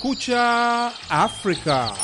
Kumekucha Afrika.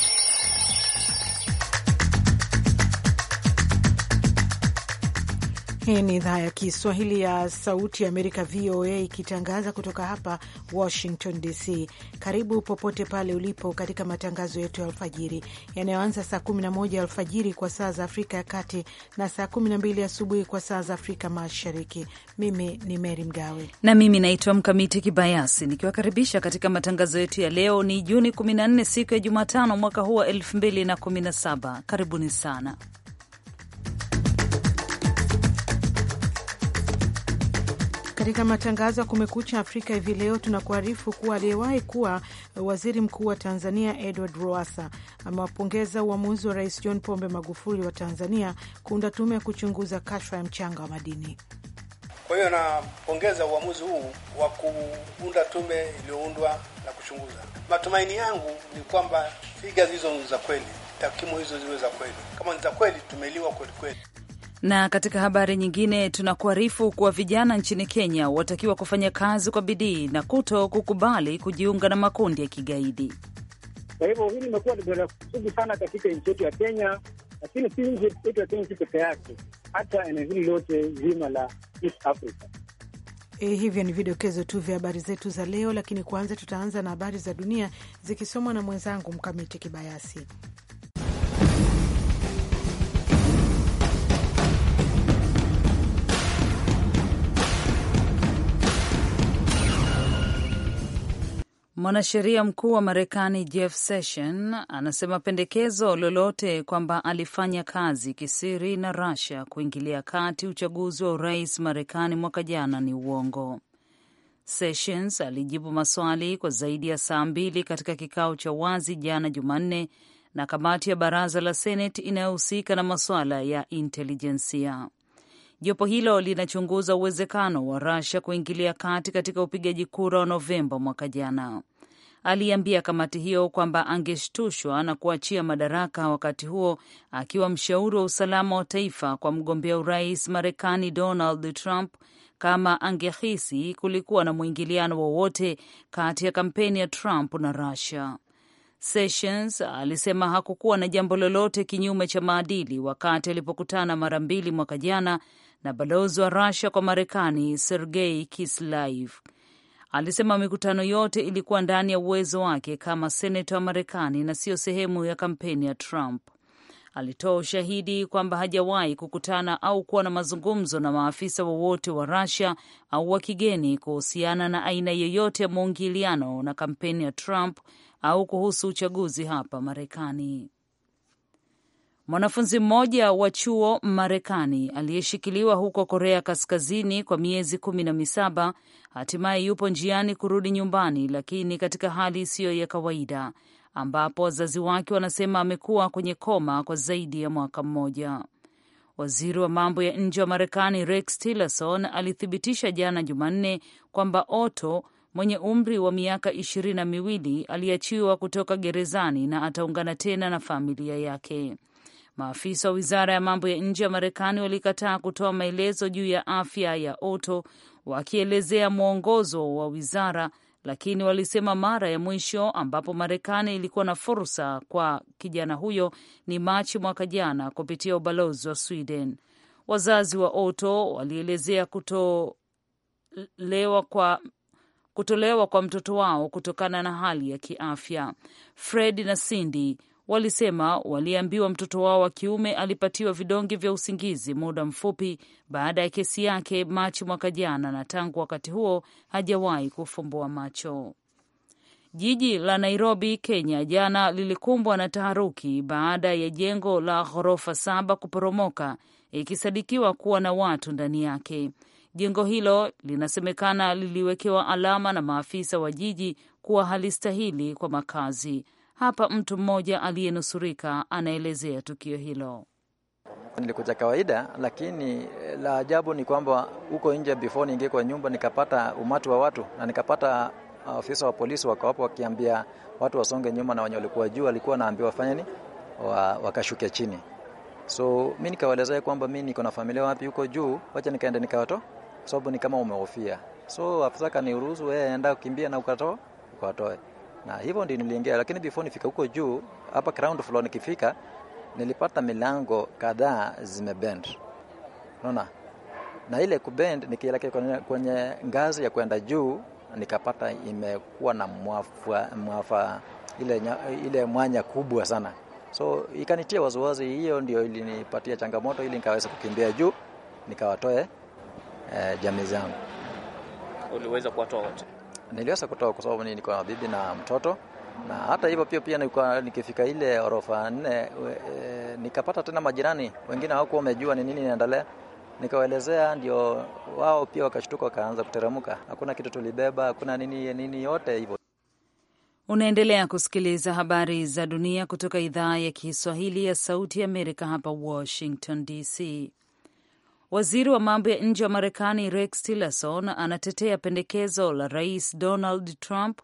Hii ni idhaa ya Kiswahili ya Sauti ya Amerika, VOA, ikitangaza kutoka hapa Washington DC. Karibu popote pale ulipo katika matangazo yetu ya alfajiri yanayoanza saa 11 alfajiri kwa saa za Afrika ya Kati na saa 12 asubuhi kwa saa za Afrika Mashariki. Mimi ni mery Mgawe na mimi naitwa Mkamiti Kibayasi, nikiwakaribisha katika matangazo yetu ya leo. Ni Juni 14 siku ya Jumatano mwaka huu wa 2017. Karibuni sana Katika matangazo ya Kumekucha Afrika hivi leo tunakuarifu kuwa aliyewahi kuwa waziri mkuu wa Tanzania Edward roasa amewapongeza uamuzi wa Rais John Pombe Magufuli wa Tanzania kuunda tume ya kuchunguza kashfa ya mchanga wa madini. Kwa hiyo anapongeza uamuzi huu wa kuunda tume iliyoundwa na kuchunguza. Matumaini yangu ni kwamba figa hizo za kweli, takwimu hizo ziwe za kweli. Kama ni za kweli, tumeliwa kwelikweli na katika habari nyingine, tunakuarifu kuwa vijana nchini Kenya watakiwa kufanya kazi kwa bidii na kuto kukubali kujiunga na makundi ya kigaidi. Kwa hivyo hili limekuwa lidola sugu sana katika nchi yetu ya Kenya, lakini si nchi yetu ya Kenya peke yake, hata eneo hili lote zima la East Africa. Eh, hivyo ni vidokezo tu vya habari zetu za leo, lakini kwanza tutaanza na habari za dunia zikisomwa na mwenzangu Mkamiti Kibayasi. Mwanasheria mkuu wa Marekani Jeff Session anasema pendekezo lolote kwamba alifanya kazi kisiri na Russia kuingilia kati uchaguzi wa urais Marekani mwaka jana ni uongo. Sessions alijibu maswali kwa zaidi ya saa mbili katika kikao cha wazi jana Jumanne na kamati ya baraza la Seneti inayohusika na masuala ya intelijensia. Jopo hilo linachunguza uwezekano wa Russia kuingilia kati katika upigaji kura wa Novemba mwaka jana. Aliambia kamati hiyo kwamba angeshtushwa na kuachia madaraka wakati huo akiwa mshauri wa usalama wa taifa kwa mgombea urais Marekani Donald Trump kama angehisi kulikuwa na mwingiliano wowote kati ya kampeni ya Trump na Russia. Sessions alisema hakukuwa na jambo lolote kinyume cha maadili wakati alipokutana mara mbili mwaka jana na balozi wa Rusia kwa Marekani Sergei Kislaiv alisema mikutano yote ilikuwa ndani ya uwezo wake kama seneta wa Marekani na siyo sehemu ya kampeni ya Trump. Alitoa ushahidi kwamba hajawahi kukutana au kuwa na mazungumzo na maafisa wowote wa, wa Rusia au wa kigeni kuhusiana na aina yoyote ya mwingiliano na kampeni ya Trump au kuhusu uchaguzi hapa Marekani. Mwanafunzi mmoja wa chuo Marekani aliyeshikiliwa huko Korea Kaskazini kwa miezi kumi na misaba hatimaye yupo njiani kurudi nyumbani, lakini katika hali isiyo ya kawaida, ambapo wazazi wake wanasema amekuwa kwenye koma kwa zaidi ya mwaka mmoja. Waziri wa mambo ya nje wa Marekani Rex Tillerson alithibitisha jana Jumanne kwamba Otto mwenye umri wa miaka ishirini na miwili aliachiwa kutoka gerezani na ataungana tena na familia yake. Maafisa wa wizara ya mambo ya nje ya Marekani walikataa kutoa maelezo juu ya afya ya Oto wakielezea mwongozo wa wizara, lakini walisema mara ya mwisho ambapo Marekani ilikuwa na fursa kwa kijana huyo ni Machi mwaka jana kupitia ubalozi wa Sweden. Wazazi wa Oto walielezea kutolewa kwa kutolewa kwa mtoto wao kutokana na hali ya kiafya. Fred na Cindy walisema waliambiwa mtoto wao wa kiume alipatiwa vidonge vya usingizi muda mfupi baada ya kesi yake Machi mwaka jana, na tangu wakati huo hajawahi kufumbua macho. Jiji la Nairobi, Kenya, jana lilikumbwa na taharuki baada ya jengo la ghorofa saba kuporomoka, ikisadikiwa kuwa na watu ndani yake. Jengo hilo linasemekana liliwekewa alama na maafisa wa jiji kuwa halistahili kwa makazi. Hapa mtu mmoja aliyenusurika anaelezea tukio hilo. Nilikuja kawaida, lakini eh, la ajabu ni kwamba huko nje, before niingie kwa nyumba, nikapata umati wa watu na nikapata afisa ah, wa polisi wako hapo wakiambia watu wasonge nyuma, na wenye walikuwa juu walikuwa naambiwa wa, wakashuke chini. So mi nikawaelezea kwamba mi niko na familia wapi huko juu, wacha nikaenda nikawato, kwa sababu ni kama umehofia. So afisa kaniruhusu, wee eh, enda kukimbia na ukatoa ukatoe na hivyo ndio niliingia, lakini before nifika huko juu, hapa ground floor nikifika, nilipata milango kadhaa zimebend, unaona, na ile kubend, nikielekea kwenye, kwenye ngazi ya kwenda juu nikapata imekuwa na mwafa, mwafa ile, ile mwanya kubwa sana, so ikanitia waziwazi. Hiyo ndio ilinipatia changamoto ili nikaweza kukimbia juu nikawatoe eh, jamii zangu. Uliweza kuwatoa wote? niliweza kutoka kwa sababu nilikuwa na bibi na mtoto, na hata hivyo pia pia nilikuwa nikifika ile orofa nne e, nikapata tena majirani wengine hawakuwa wamejua ni nini inaendelea nikawaelezea ndio wao pia wakashtuka, wakaanza kuteremka. Hakuna kitu tulibeba, hakuna nini nini, yote hivyo. Unaendelea kusikiliza habari za dunia kutoka idhaa ya Kiswahili ya Sauti ya Amerika, hapa Washington DC. Waziri wa mambo ya nje wa Marekani Rex Tillerson anatetea pendekezo la Rais Donald Trump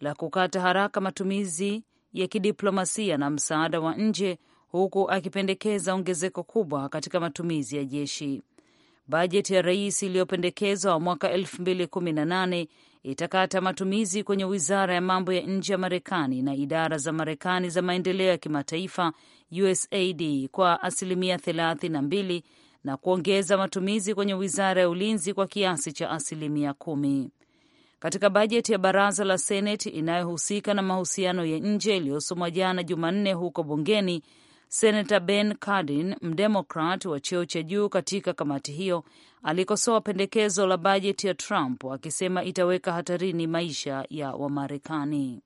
la kukata haraka matumizi ya kidiplomasia na msaada wa nje huku akipendekeza ongezeko kubwa katika matumizi ya jeshi. Bajeti ya rais iliyopendekezwa mwaka 2018 itakata matumizi kwenye wizara ya mambo ya nje ya Marekani na idara za Marekani za maendeleo ya kimataifa USAID kwa asilimia 32 na kuongeza matumizi kwenye wizara ya ulinzi kwa kiasi cha asilimia kumi. Katika bajeti ya baraza la Seneti inayohusika na mahusiano ya nje iliyosomwa jana Jumanne huko bungeni, Senata Ben Cardin, mdemokrat wa cheo cha juu katika kamati hiyo, alikosoa pendekezo la bajeti ya Trump akisema itaweka hatarini maisha ya Wamarekani.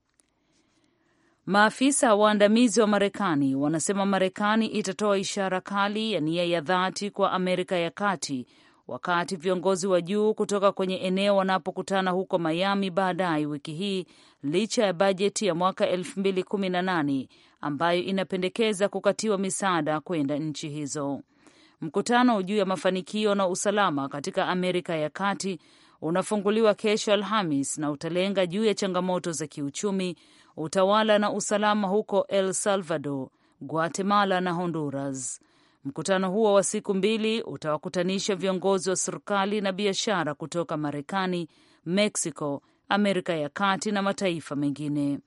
Maafisa waandamizi wa Marekani wanasema Marekani itatoa ishara kali ya nia ya dhati kwa Amerika ya Kati wakati viongozi wa juu kutoka kwenye eneo wanapokutana huko Miami baadaye wiki hii, licha ya bajeti ya mwaka 2018 ambayo inapendekeza kukatiwa misaada kwenda nchi hizo. Mkutano juu ya mafanikio na usalama katika Amerika ya Kati unafunguliwa kesho Alhamis na utalenga juu ya changamoto za kiuchumi, utawala na usalama huko El Salvador, Guatemala na Honduras. Mkutano huo wa siku mbili utawakutanisha viongozi wa serikali na biashara kutoka Marekani, Mexico, Amerika ya Kati na mataifa mengine.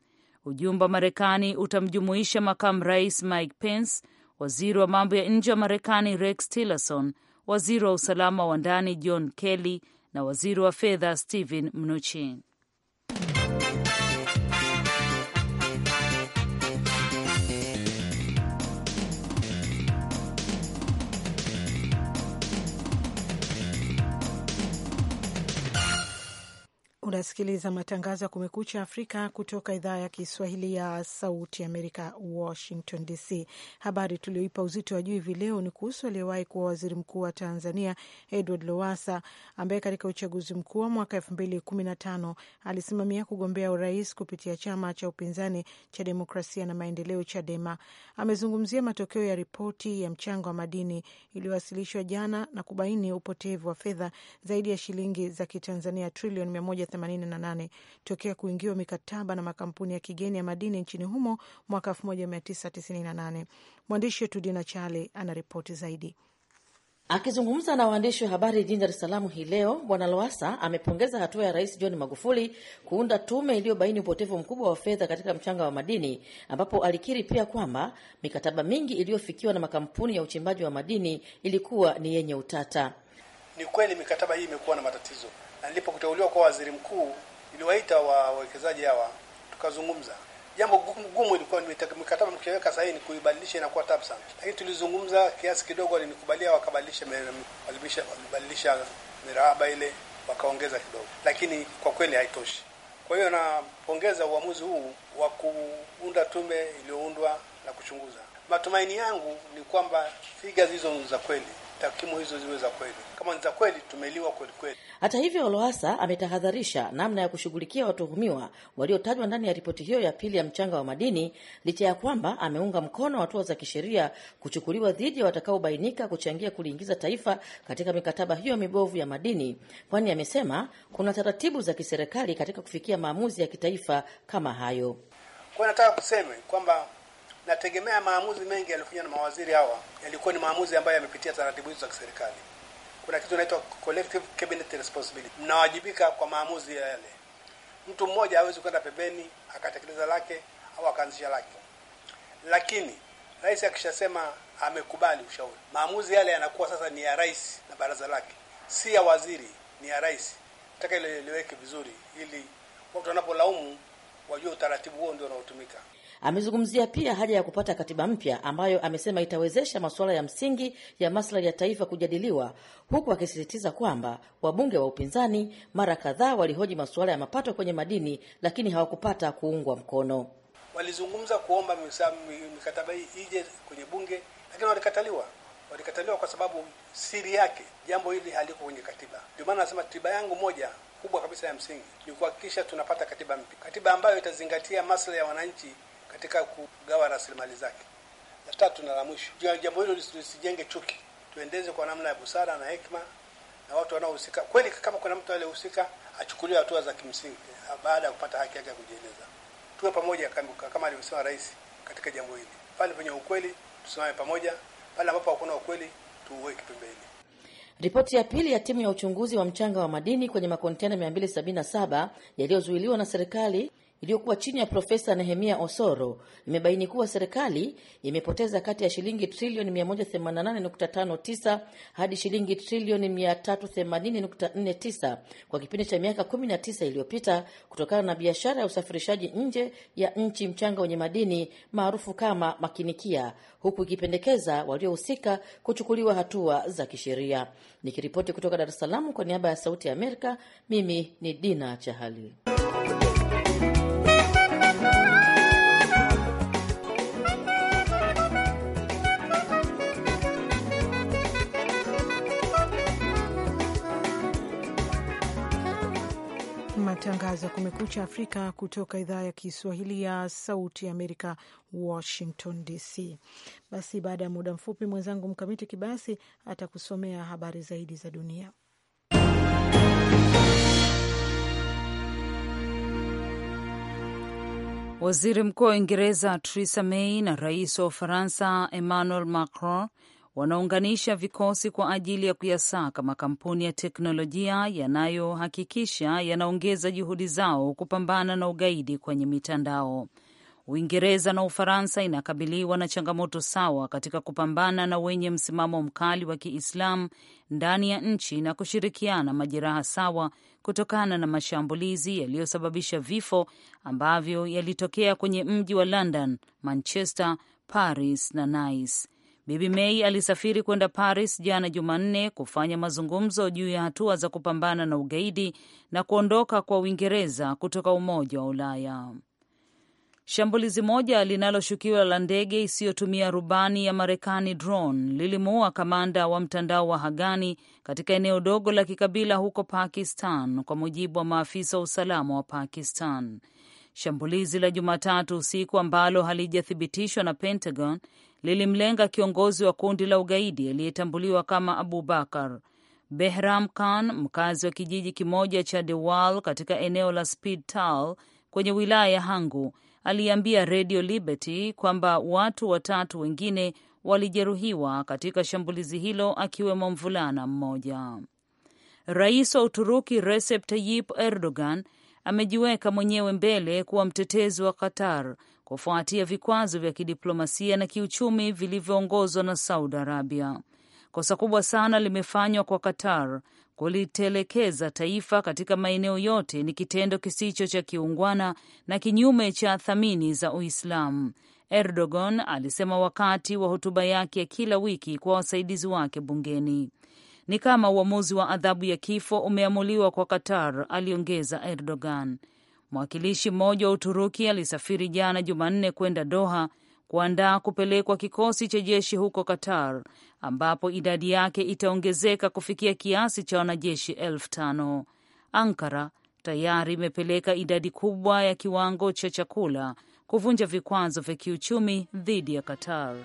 Ujumbe wa Marekani utamjumuisha makamu rais Mike Pence, waziri wa mambo ya nje wa Marekani Rex Tillerson, waziri wa usalama wa ndani John Kelly na waziri wa fedha Steven Mnuchin. unasikiliza matangazo ya Kumekucha Afrika kutoka idhaa ya Kiswahili ya Sauti Amerika, Washington DC. Habari tulioipa uzito wa juu hivi leo ni kuhusu aliyewahi kuwa waziri mkuu wa Tanzania Edward Lowasa, ambaye katika uchaguzi mkuu wa mwaka elfu mbili kumi na tano alisimamia kugombea urais kupitia chama cha upinzani cha Demokrasia na Maendeleo, CHADEMA. Amezungumzia matokeo ya ripoti ya mchango wa madini iliyowasilishwa jana na kubaini upotevu wa fedha zaidi ya shilingi za Kitanzania trilioni 1988 tokea kuingiwa mikataba na makampuni ya kigeni ya madini nchini humo mwaka 1998. Mwandishi wetu Dina Chale ripoti zaidi. Akizungumza na waandishi wa habari jijini Dar es Salaam hii leo, Bwana loasa amepongeza hatua ya Rais John Magufuli kuunda tume iliyobaini upotevu mkubwa wa fedha katika mchanga wa madini, ambapo alikiri pia kwamba mikataba mingi iliyofikiwa na makampuni ya uchimbaji wa madini ilikuwa ni yenye utata. Ni kweli mikataba hii imekuwa na matatizo, na nilipokuteuliwa kwa waziri mkuu niliwaita wawekezaji hawa tukazungumza. Jambo gumu ilikuwa mikataba mkiweka sahihi ni kuibadilisha, inakuwa tabu sana, lakini tulizungumza kiasi kidogo, walinikubalia wakabadilisha, walibadilisha mirahaba ile wakaongeza kidogo, lakini kwa kweli haitoshi. Kwa hiyo napongeza uamuzi huu wa kuunda tume iliyoundwa na kuchunguza. Matumaini yangu ni kwamba figa hizo za kweli takwimu hizo ziwe za kweli. Kama ni za kweli, tumeliwa kweli kweli. Hata hivyo, Loasa ametahadharisha namna ya kushughulikia watuhumiwa waliotajwa ndani ya ripoti hiyo ya pili ya mchanga wa madini, licha ya kwamba ameunga mkono hatua za kisheria kuchukuliwa dhidi ya watakaobainika kuchangia kuliingiza taifa katika mikataba hiyo mibovu ya madini, kwani amesema kuna taratibu za kiserikali katika kufikia maamuzi ya kitaifa kama hayo. Kwa nataka kuseme kwamba nategemea maamuzi mengi yaliyofanywa na mawaziri hawa yalikuwa ni maamuzi ambayo yamepitia taratibu hizo za kiserikali. Kuna kitu inaitwa collective cabinet responsibility, mnawajibika kwa maamuzi ya yale. Mtu mmoja hawezi kwenda pembeni akatekeleza lake au akaanzisha lake, lakini rais akishasema amekubali ushauri, maamuzi yale yanakuwa sasa ni ya rais na baraza lake, si ya waziri, ni ya rais. Nataka ileleweke vizuri, ili watu wanapolaumu wajua utaratibu huo ndio unaotumika. Amezungumzia pia haja ya kupata katiba mpya ambayo amesema itawezesha masuala ya msingi ya maslahi ya taifa kujadiliwa, huku akisisitiza kwamba wabunge wa upinzani mara kadhaa walihoji masuala ya mapato kwenye madini, lakini hawakupata kuungwa mkono. Walizungumza kuomba mikataba hii ije kwenye bunge, lakini walikataliwa. Walikataliwa kwa sababu siri yake jambo hili haliko kwenye katiba. Ndio maana anasema tiba yangu moja kubwa kabisa ya msingi ni kuhakikisha tunapata katiba mpya, katiba ambayo itazingatia maslahi ya wananchi katika kugawa rasilimali zake. La tatu na la mwisho, jambo hilo lisijenge chuki, tuendeze kwa namna ya busara na hekima, na watu wanaohusika kweli, kama kuna mtu aliyehusika achukuliwe hatua za kimsingi eh, baada ya kupata haki yake ya kujieleza. Tuwe pamoja kama alivyosema Rais katika jambo hili, pale penye ukweli tusimame pamoja, pale ambapo hakuna ukweli tuuweke pembeni. Ripoti ya pili ya timu ya uchunguzi wa mchanga wa madini kwenye makontena 277 yaliyozuiliwa na serikali iliyokuwa chini ya Profesa Nehemia Osoro imebaini kuwa serikali imepoteza kati ya shilingi trilioni 188.59 hadi shilingi trilioni 380.49 kwa kipindi cha miaka 19 iliyopita kutokana na biashara ya usafirishaji nje ya nchi mchanga wenye madini maarufu kama makinikia, huku ikipendekeza waliohusika kuchukuliwa hatua za kisheria. Nikiripoti kutoka Dar es Salaam kwa niaba ya Sauti ya Amerika, mimi ni Dina Chahali. Matangazo ya Kumekucha Afrika kutoka idhaa ya Kiswahili ya Sauti Amerika, Washington DC. Basi baada ya muda mfupi, mwenzangu Mkamiti Kibayasi atakusomea habari zaidi za dunia. Waziri Mkuu wa Uingereza Theresa May na rais wa Ufaransa Emmanuel Macron wanaunganisha vikosi kwa ajili ya kuyasaka makampuni ya teknolojia yanayohakikisha yanaongeza juhudi zao kupambana na ugaidi kwenye mitandao. Uingereza na Ufaransa inakabiliwa na changamoto sawa katika kupambana na wenye msimamo mkali wa Kiislamu ndani ya nchi na kushirikiana majeraha sawa kutokana na mashambulizi yaliyosababisha vifo ambavyo yalitokea kwenye mji wa London, Manchester, Paris na Nice. Bibi Mei alisafiri kwenda Paris jana Jumanne kufanya mazungumzo juu ya hatua za kupambana na ugaidi na kuondoka kwa Uingereza kutoka Umoja wa Ulaya. Shambulizi moja linaloshukiwa la ndege isiyotumia rubani ya Marekani drone lilimuua kamanda wa mtandao wa Hagani katika eneo dogo la kikabila huko Pakistan, kwa mujibu wa maafisa wa usalama wa Pakistan. Shambulizi la Jumatatu usiku ambalo halijathibitishwa na Pentagon lilimlenga kiongozi wa kundi la ugaidi aliyetambuliwa kama Abubakar Behram Khan, mkazi wa kijiji kimoja cha Dewal katika eneo la Speed Tal kwenye wilaya ya Hangu, aliambia Radio Liberty kwamba watu watatu wengine walijeruhiwa katika shambulizi hilo akiwemo mvulana mmoja. Rais wa Uturuki Recep Tayyip Erdogan amejiweka mwenyewe mbele kuwa mtetezi wa Qatar kufuatia vikwazo vya kidiplomasia na kiuchumi vilivyoongozwa na Saudi Arabia. Kosa kubwa sana limefanywa kwa Qatar kulitelekeza taifa katika maeneo yote, ni kitendo kisicho cha kiungwana na kinyume cha thamani za Uislamu, Erdogan alisema wakati wa hotuba yake ya kila wiki kwa wasaidizi wake bungeni. Ni kama uamuzi wa adhabu ya kifo umeamuliwa kwa Qatar, aliongeza Erdogan. Mwakilishi mmoja wa Uturuki alisafiri jana Jumanne kwenda Doha kuandaa kupelekwa kikosi cha jeshi huko Qatar, ambapo idadi yake itaongezeka kufikia kiasi cha wanajeshi elfu tano. Ankara tayari imepeleka idadi kubwa ya kiwango cha chakula kuvunja vikwazo vya kiuchumi dhidi ya Qatar.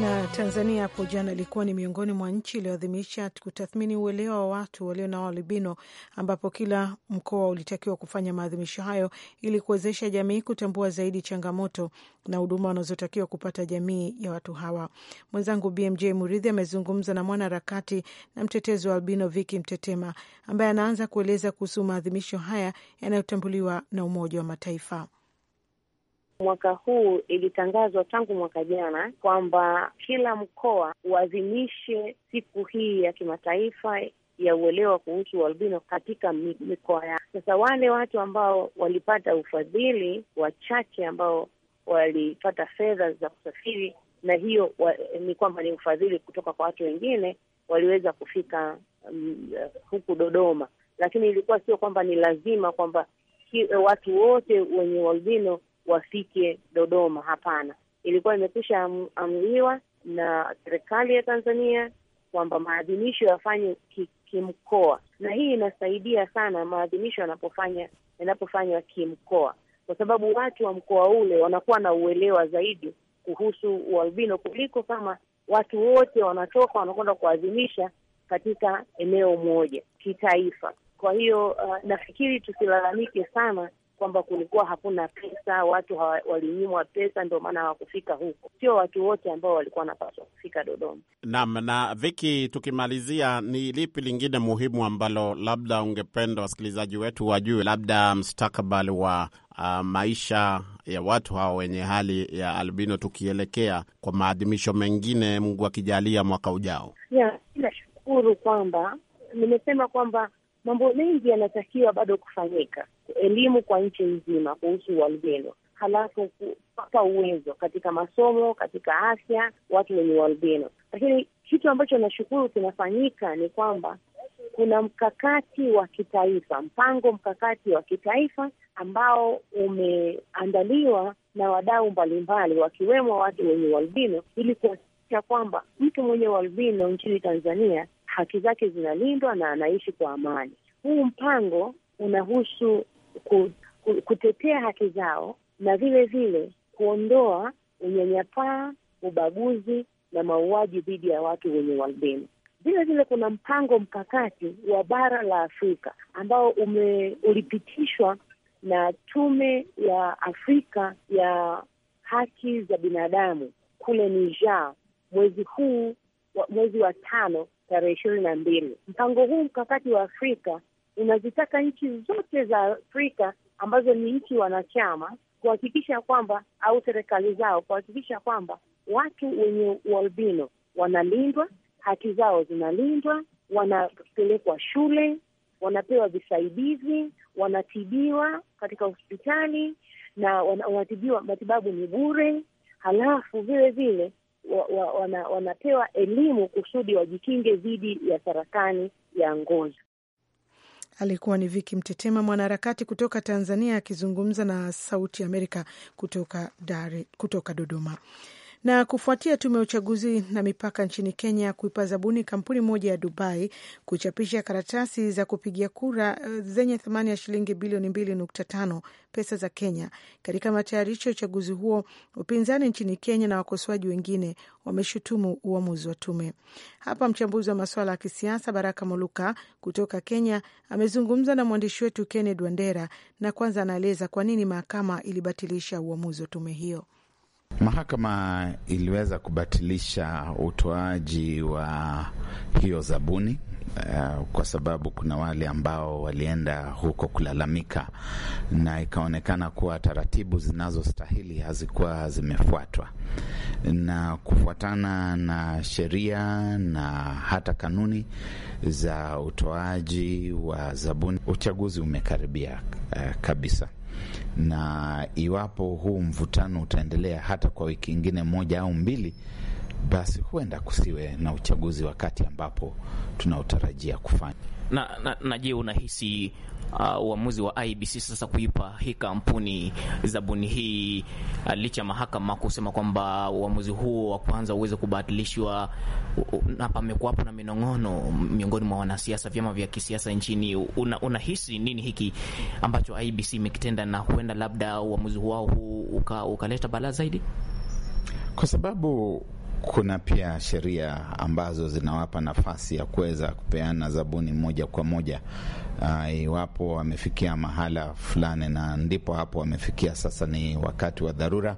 Na Tanzania hapo jana ilikuwa ni miongoni mwa nchi iliyoadhimisha kutathmini uelewa wa watu walio na albino, ambapo kila mkoa ulitakiwa kufanya maadhimisho hayo ili kuwezesha jamii kutambua zaidi changamoto na huduma wanazotakiwa kupata jamii ya watu hawa. Mwenzangu BMJ Muridhi amezungumza na mwanaharakati na mtetezi wa albino Viki Mtetema, ambaye anaanza kueleza kuhusu maadhimisho haya yanayotambuliwa na Umoja wa Mataifa. Mwaka huu ilitangazwa tangu mwaka jana kwamba kila mkoa uadhimishe siku hii ya kimataifa ya uelewa kuhusu ualbino katika mikoa yao. Sasa wale watu ambao walipata ufadhili, wachache ambao walipata fedha za kusafiri, na hiyo wa, ni kwamba ni ufadhili kutoka kwa watu wengine, waliweza kufika um, huku Dodoma, lakini ilikuwa sio kwamba ni lazima kwamba watu wote wenye ualbino wafike Dodoma. Hapana, ilikuwa imekwisha am, amriwa na serikali ya Tanzania kwamba maadhimisho yafanye kimkoa ki, na hii inasaidia sana maadhimisho yanapofanya yanapofanywa kimkoa, kwa sababu watu wa mkoa ule wanakuwa na uelewa zaidi kuhusu ualbino kuliko kama watu wote wanatoka wanakwenda kuadhimisha katika eneo moja kitaifa. Kwa hiyo uh, nafikiri tusilalamike sana kwamba kulikuwa hakuna pesa, watu walinyimwa pesa, ndio maana hawakufika huko. Sio watu wote ambao walikuwa wanapaswa kufika Dodoma. Naam. Na Viki, tukimalizia, ni lipi lingine muhimu ambalo labda ungependa wasikilizaji wetu wajue, labda mstakbal wa uh, maisha ya watu hao wenye hali ya albino, tukielekea kwa maadhimisho mengine, Mungu akijalia mwaka ujao? Yeah, nashukuru kwamba nimesema kwamba mambo mengi yanatakiwa bado kufanyika, elimu kwa nchi nzima kuhusu ualbino, halafu kupata uwezo katika masomo, katika afya, watu wenye ualbino. Lakini kitu ambacho nashukuru kinafanyika ni kwamba kuna mkakati wa kitaifa, mpango mkakati wa kitaifa ambao umeandaliwa na wadau mbalimbali, wakiwemo watu wenye ualbino ili kuhakikisha kwamba mtu mwenye ualbino nchini Tanzania haki zake zinalindwa na anaishi kwa amani. Huu mpango unahusu ku, ku, kutetea haki zao na vile vile kuondoa unyanyapaa, ubaguzi na mauaji dhidi ya watu wenye ualbino. Vile vile kuna mpango mkakati wa bara la Afrika ambao ume, ulipitishwa na Tume ya Afrika ya haki za binadamu kule Niger mwezi huu mwezi wa tano tarehe ishirini na mbili. Mpango huu mkakati wa Afrika unazitaka nchi zote za Afrika ambazo ni nchi wanachama kuhakikisha kwamba au serikali zao kuhakikisha kwamba watu wenye ualbino wanalindwa, haki zao zinalindwa, wanapelekwa shule, wanapewa visaidizi, wanatibiwa katika hospitali na wanatibiwa, matibabu ni bure. Halafu vile vile wa, wa, wa, wanapewa elimu kusudi wajikinge dhidi ya saratani ya ngozi. Alikuwa ni Viki Mtetema, mwanaharakati kutoka Tanzania akizungumza na Sauti Amerika kutoka, Dare, kutoka Dodoma. Na kufuatia tume ya uchaguzi na mipaka nchini Kenya kuipa zabuni kampuni moja ya Dubai kuchapisha karatasi za kupigia kura eh, zenye thamani ya shilingi bilioni 2.5 pesa za Kenya katika matayarisho ya uchaguzi huo, upinzani nchini Kenya na wakosoaji wengine wameshutumu uamuzi wa tume. Hapa mchambuzi wa masuala ya kisiasa Baraka Moluka kutoka Kenya amezungumza na mwandishi wetu Kenneth Wandera na kwanza anaeleza kwa nini mahakama ilibatilisha uamuzi wa tume hiyo. Mahakama iliweza kubatilisha utoaji wa hiyo zabuni uh, kwa sababu kuna wale ambao walienda huko kulalamika na ikaonekana kuwa taratibu zinazostahili hazikuwa zimefuatwa, na kufuatana na sheria na hata kanuni za utoaji wa zabuni, uchaguzi umekaribia uh, kabisa na iwapo huu mvutano utaendelea hata kwa wiki ingine moja au mbili, basi huenda kusiwe na uchaguzi wakati ambapo tunautarajia kufanya. Na, na, na je, unahisi uh, uamuzi wa IBC sasa kuipa hii kampuni zabuni hii uh, licha mahakama kusema kwamba uamuzi huo wa kwanza uweze kubatilishwa. Na pamekuwapo na minong'ono miongoni mwa wanasiasa, vyama vya kisiasa nchini. Unahisi una nini hiki ambacho IBC imekitenda, na huenda labda uamuzi wao huu ukaleta uka balaa zaidi, kwa sababu kuna pia sheria ambazo zinawapa nafasi ya kuweza kupeana zabuni moja kwa moja ah, iwapo uh, wamefikia mahala fulani, na ndipo hapo wamefikia sasa ni wakati wa dharura,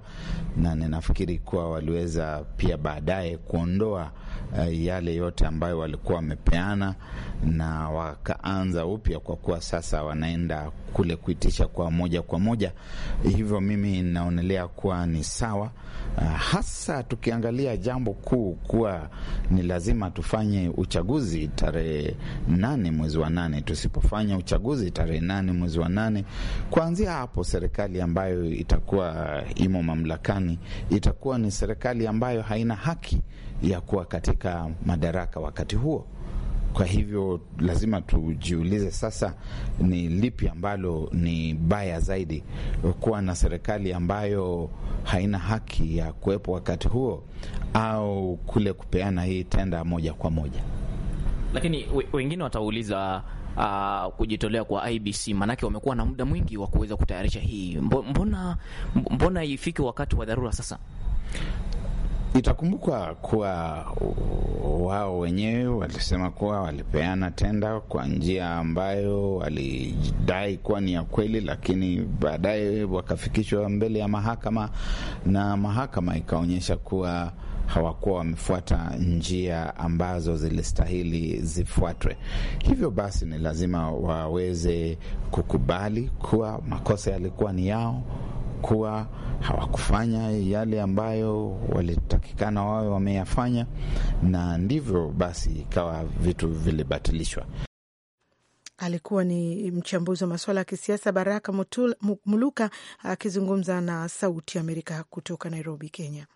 na ninafikiri kuwa waliweza pia baadaye kuondoa uh, yale yote ambayo walikuwa wamepeana na wakaanza upya, kwa kuwa sasa wanaenda kule kuitisha kwa moja kwa moja. Hivyo mimi naonelea kuwa ni sawa, uh, hasa tukiangalia jambo kuu kuwa ni lazima tufanye uchaguzi tarehe nane mwezi wa nane. Tusipofanya uchaguzi tarehe nane mwezi wa nane, kuanzia hapo serikali ambayo itakuwa imo mamlakani itakuwa ni serikali ambayo haina haki ya kuwa katika madaraka wakati huo. Kwa hivyo lazima tujiulize sasa, ni lipi ambalo ni baya zaidi, kuwa na serikali ambayo haina haki ya kuwepo wakati huo, au kule kupeana hii tenda moja kwa moja? Lakini wengine watauliza Uh, kujitolea kwa IBC maanake wamekuwa na muda mwingi wa kuweza kutayarisha hii. Mbona mbona ifike wakati wa dharura sasa? Itakumbuka kuwa wao wenyewe walisema kuwa walipeana tenda kwa njia ambayo walidai kuwa ni ya kweli, lakini baadaye wakafikishwa mbele ya mahakama na mahakama ikaonyesha kuwa hawakuwa wamefuata njia ambazo zilistahili zifuatwe. Hivyo basi, ni lazima waweze kukubali kuwa makosa yalikuwa ni yao kuwa hawakufanya yale ambayo walitakikana wawe wameyafanya, na ndivyo basi ikawa vitu vilibatilishwa. Alikuwa ni mchambuzi wa masuala ya kisiasa Baraka Mutul, Muluka akizungumza na Sauti ya Amerika kutoka Nairobi, Kenya.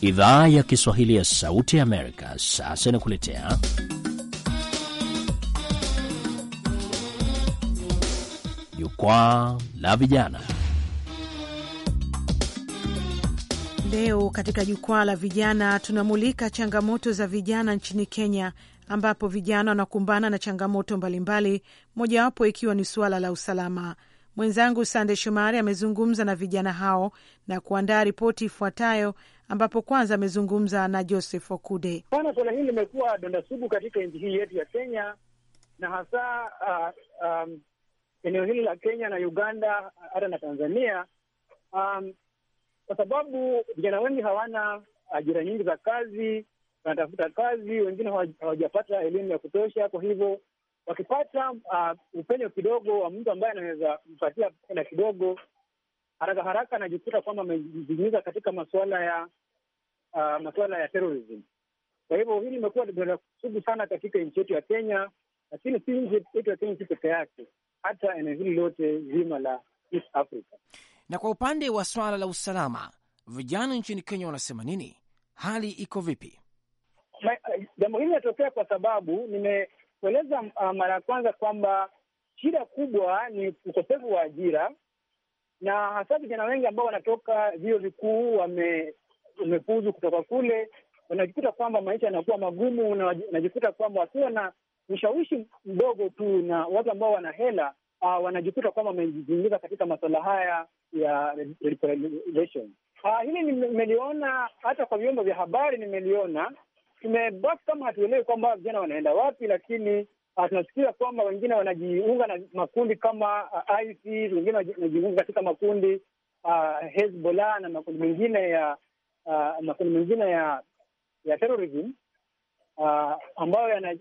Idhaa ya Kiswahili ya Sauti ya Amerika sasa inakuletea Jukwaa la Vijana. Leo katika Jukwaa la Vijana tunamulika changamoto za vijana nchini Kenya, ambapo vijana wanakumbana na changamoto mbalimbali, mojawapo ikiwa ni suala la usalama. Mwenzangu Sande Shomari amezungumza na vijana hao na kuandaa ripoti ifuatayo, ambapo kwanza amezungumza na Joseph Okude. Bwana, suala hili limekuwa donda sugu katika nchi hii yetu ya Kenya na hasa uh, um, eneo hili la Kenya na Uganda hata na Tanzania um, kwa sababu vijana wengi hawana ajira nyingi za kazi, wanatafuta kazi, wengine hawajapata elimu ya kutosha, kwa hivyo wakipata uh, upenyo kidogo wa mtu ambaye anaweza mpatia pesa kidogo, haraka haraka anajikuta kwamba amejiingiza katika masuala ya uh, masuala ya terrorism. Kwa hivyo hili limekuwa dola sugu sana katika nchi yetu ya Kenya, lakini si nchi yetu ya Kenya si peke yake, hata eneo hili lote zima la East Africa. Na kwa upande wa swala la usalama, vijana nchini Kenya wanasema nini? Hali iko vipi? Eh, jambo hili linatokea kwa sababu nime kueleza uh, mara ya kwanza kwamba shida kubwa ni ukosefu wa ajira, na hasa vijana wengi ambao wanatoka vio vikuu wame, wamefuzu kutoka kule, wanajikuta kwamba maisha yanakuwa magumu, na wanajikuta kwamba wakiwa na ushawishi mdogo tu na watu ambao wana hela uh, wanajikuta kwamba wamejiingiza katika masuala haya ya hili nimeliona hata kwa vyombo vya habari nimeliona tumebaki kama hatuelewi kwamba vijana wanaenda wapi, lakini ah, tunasikia kwamba wengine wanajiunga na makundi kama uh, ISIS, wengine wanajiunga katika makundi uh, Hezbollah na makundi mengine ya uh, makundi mengine ya ya terrorism uh, ambayo yana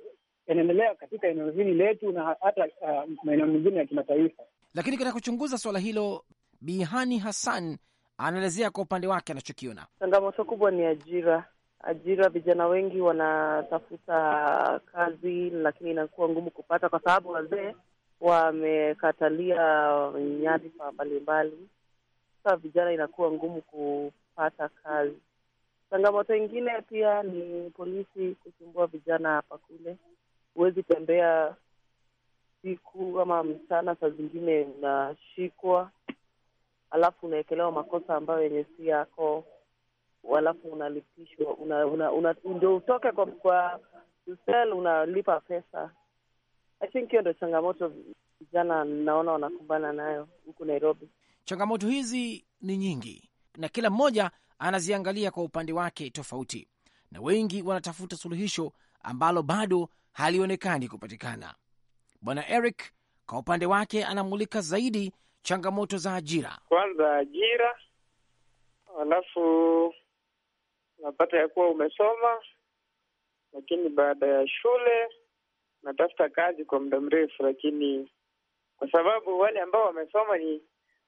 yanaendelea katika eneo hili letu na hata uh, maeneo mengine ya kimataifa. Lakini katika kuchunguza suala hilo, Bihani Hassan anaelezea kwa upande wake anachokiona. Changamoto kubwa ni ajira ajira. Vijana wengi wanatafuta kazi, lakini inakuwa ngumu kupata kwa sababu wazee wamekatalia nyadhifa mbalimbali. Sasa vijana inakuwa ngumu kupata kazi. Changamoto ingine pia ni polisi kusumbua vijana hapa kule. Huwezi tembea siku ama mchana, saa zingine unashikwa, alafu unaekelewa makosa ambayo yenye si yako alafu unalipishwa una, una, una, ndio utoke kwa, kwa sel unalipa pesa. I think hiyo ndio changamoto vijana naona wanakumbana nayo huku Nairobi. Changamoto hizi ni nyingi na kila mmoja anaziangalia kwa upande wake tofauti, na wengi wanatafuta suluhisho ambalo bado halionekani kupatikana. Bwana Eric kwa upande wake anamulika zaidi changamoto za ajira, kwanza ajira, alafu unapata ya kuwa umesoma, lakini baada ya shule unatafuta kazi kwa muda mrefu, lakini kwa sababu wale ambao wamesoma ni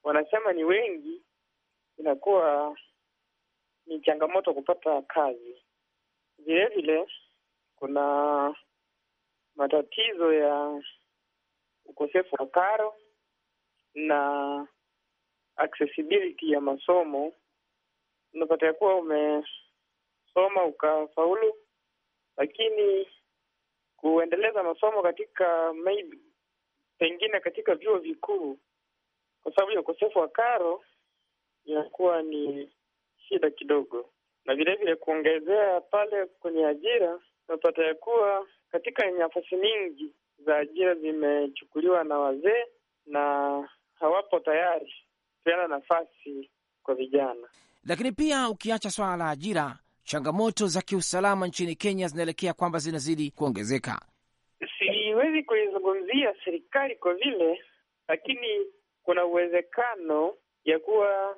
wanasema ni wengi, inakuwa ni changamoto kupata kazi. Vile vile kuna matatizo ya ukosefu wa karo na accessibility ya masomo. Unapata ya kuwa ume kusoma ukafaulu, lakini kuendeleza masomo katika maybe, pengine katika vyuo vikuu kwa sababu ya ukosefu wa karo inakuwa ni shida kidogo, na vilevile kuongezea pale kwenye ajira, unapata ya kuwa katika nafasi nyingi za ajira zimechukuliwa na wazee na hawapo tayari kupeana nafasi kwa vijana. Lakini pia ukiacha swala la ajira, changamoto za kiusalama nchini Kenya zinaelekea kwamba zinazidi kuongezeka. Siwezi kuizungumzia serikali kwa vile, lakini kuna uwezekano ya kuwa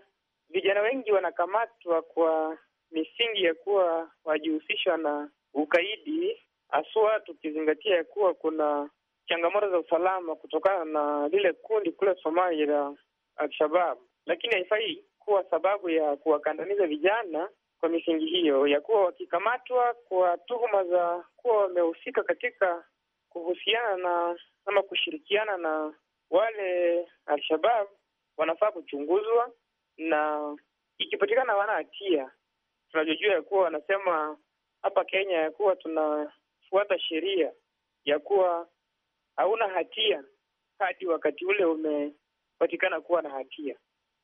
vijana wengi wanakamatwa kwa misingi ya kuwa wajihusishwa na ukaidi, haswa tukizingatia ya kuwa kuna changamoto za usalama kutokana na lile kundi kule Somalia la Al-Shabab, lakini haifai kuwa sababu ya kuwakandamiza vijana kwa misingi hiyo ya kuwa wakikamatwa kwa tuhuma za kuwa wamehusika katika kuhusiana na ama kushirikiana na wale Alshabab, wanafaa kuchunguzwa, na ikipatikana wana hatia, tunajojua ya kuwa wanasema hapa Kenya ya kuwa tunafuata sheria ya kuwa hauna hatia hadi wakati ule umepatikana kuwa na hatia,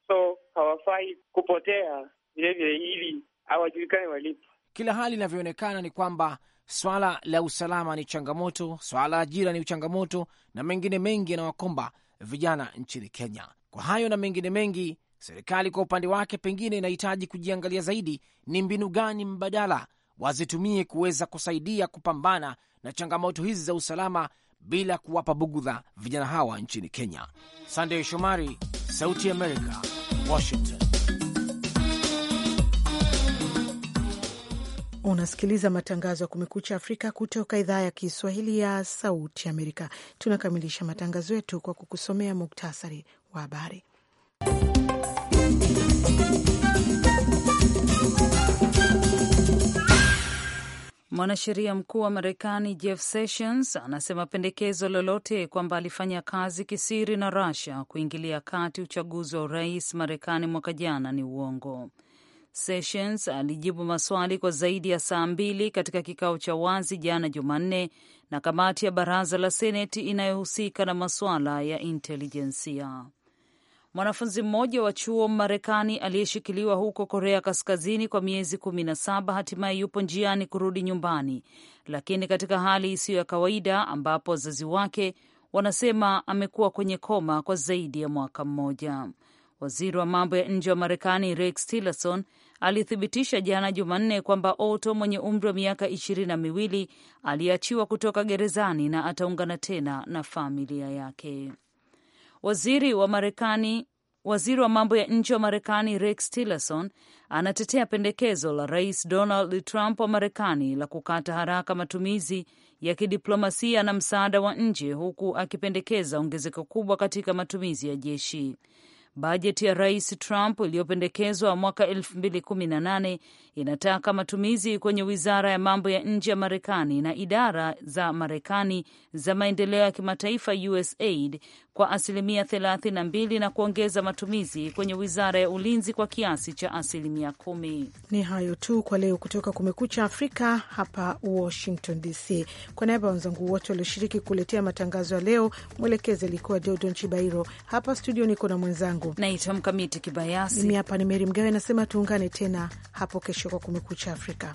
so hawafai kupotea vilevile, ili hawajulikani walipo. Kila hali inavyoonekana ni kwamba swala la usalama ni changamoto, swala la ajira ni changamoto, na mengine mengi yanawakomba vijana nchini Kenya. Kwa hayo na mengine mengi, serikali kwa upande wake pengine inahitaji kujiangalia zaidi ni mbinu gani mbadala wazitumie kuweza kusaidia kupambana na changamoto hizi za usalama bila kuwapa bugudha vijana hawa nchini Kenya. Sandey Shomari, Sauti ya Amerika, Washington. Unasikiliza matangazo ya Kumekucha Afrika kutoka idhaa ya Kiswahili ya Sauti Amerika. Tunakamilisha matangazo yetu kwa kukusomea muktasari wa habari. Mwanasheria mkuu wa Marekani Jeff Sessions anasema pendekezo lolote kwamba alifanya kazi kisiri na Russia kuingilia kati uchaguzi wa urais Marekani mwaka jana ni uongo. Sessions alijibu maswali kwa zaidi ya saa mbili katika kikao cha wazi jana Jumanne na kamati ya baraza la Seneti inayohusika na masuala ya intelijensia. Mwanafunzi mmoja wa chuo Marekani aliyeshikiliwa huko Korea Kaskazini kwa miezi kumi na saba hatimaye yupo njiani kurudi nyumbani, lakini katika hali isiyo ya kawaida ambapo wazazi wake wanasema amekuwa kwenye koma kwa zaidi ya mwaka mmoja. Waziri wa mambo ya nje wa Marekani Rex Tillerson alithibitisha jana Jumanne kwamba Oto mwenye umri wa miaka ishirini na miwili aliachiwa kutoka gerezani na ataungana tena na familia yake. Waziri wa Marekani Waziri wa mambo ya nje wa Marekani Rex Tillerson anatetea pendekezo la Rais Donald Trump wa Marekani la kukata haraka matumizi ya kidiplomasia na msaada wa nje huku akipendekeza ongezeko kubwa katika matumizi ya jeshi. Bajeti ya Rais Trump iliyopendekezwa mwaka 2018 inataka matumizi kwenye wizara ya mambo ya nje ya Marekani na idara za Marekani za maendeleo ya kimataifa USAID kwa asilimia 32 na kuongeza matumizi kwenye wizara ya ulinzi kwa kiasi cha asilimia kumi. Ni hayo tu kwa leo kutoka Kumekucha Afrika hapa Washington DC. Kwa niaba ya wenzangu wote walioshiriki kuletea matangazo ya leo, mwelekezi alikuwa Deodon Chibairo. Hapa studio niko na mwenzangu naitwa Mkamiti Kibayasi. Mimi hapa ni Meri Mgawe, nasema tuungane tena hapo kesho kwa Kumekucha Afrika.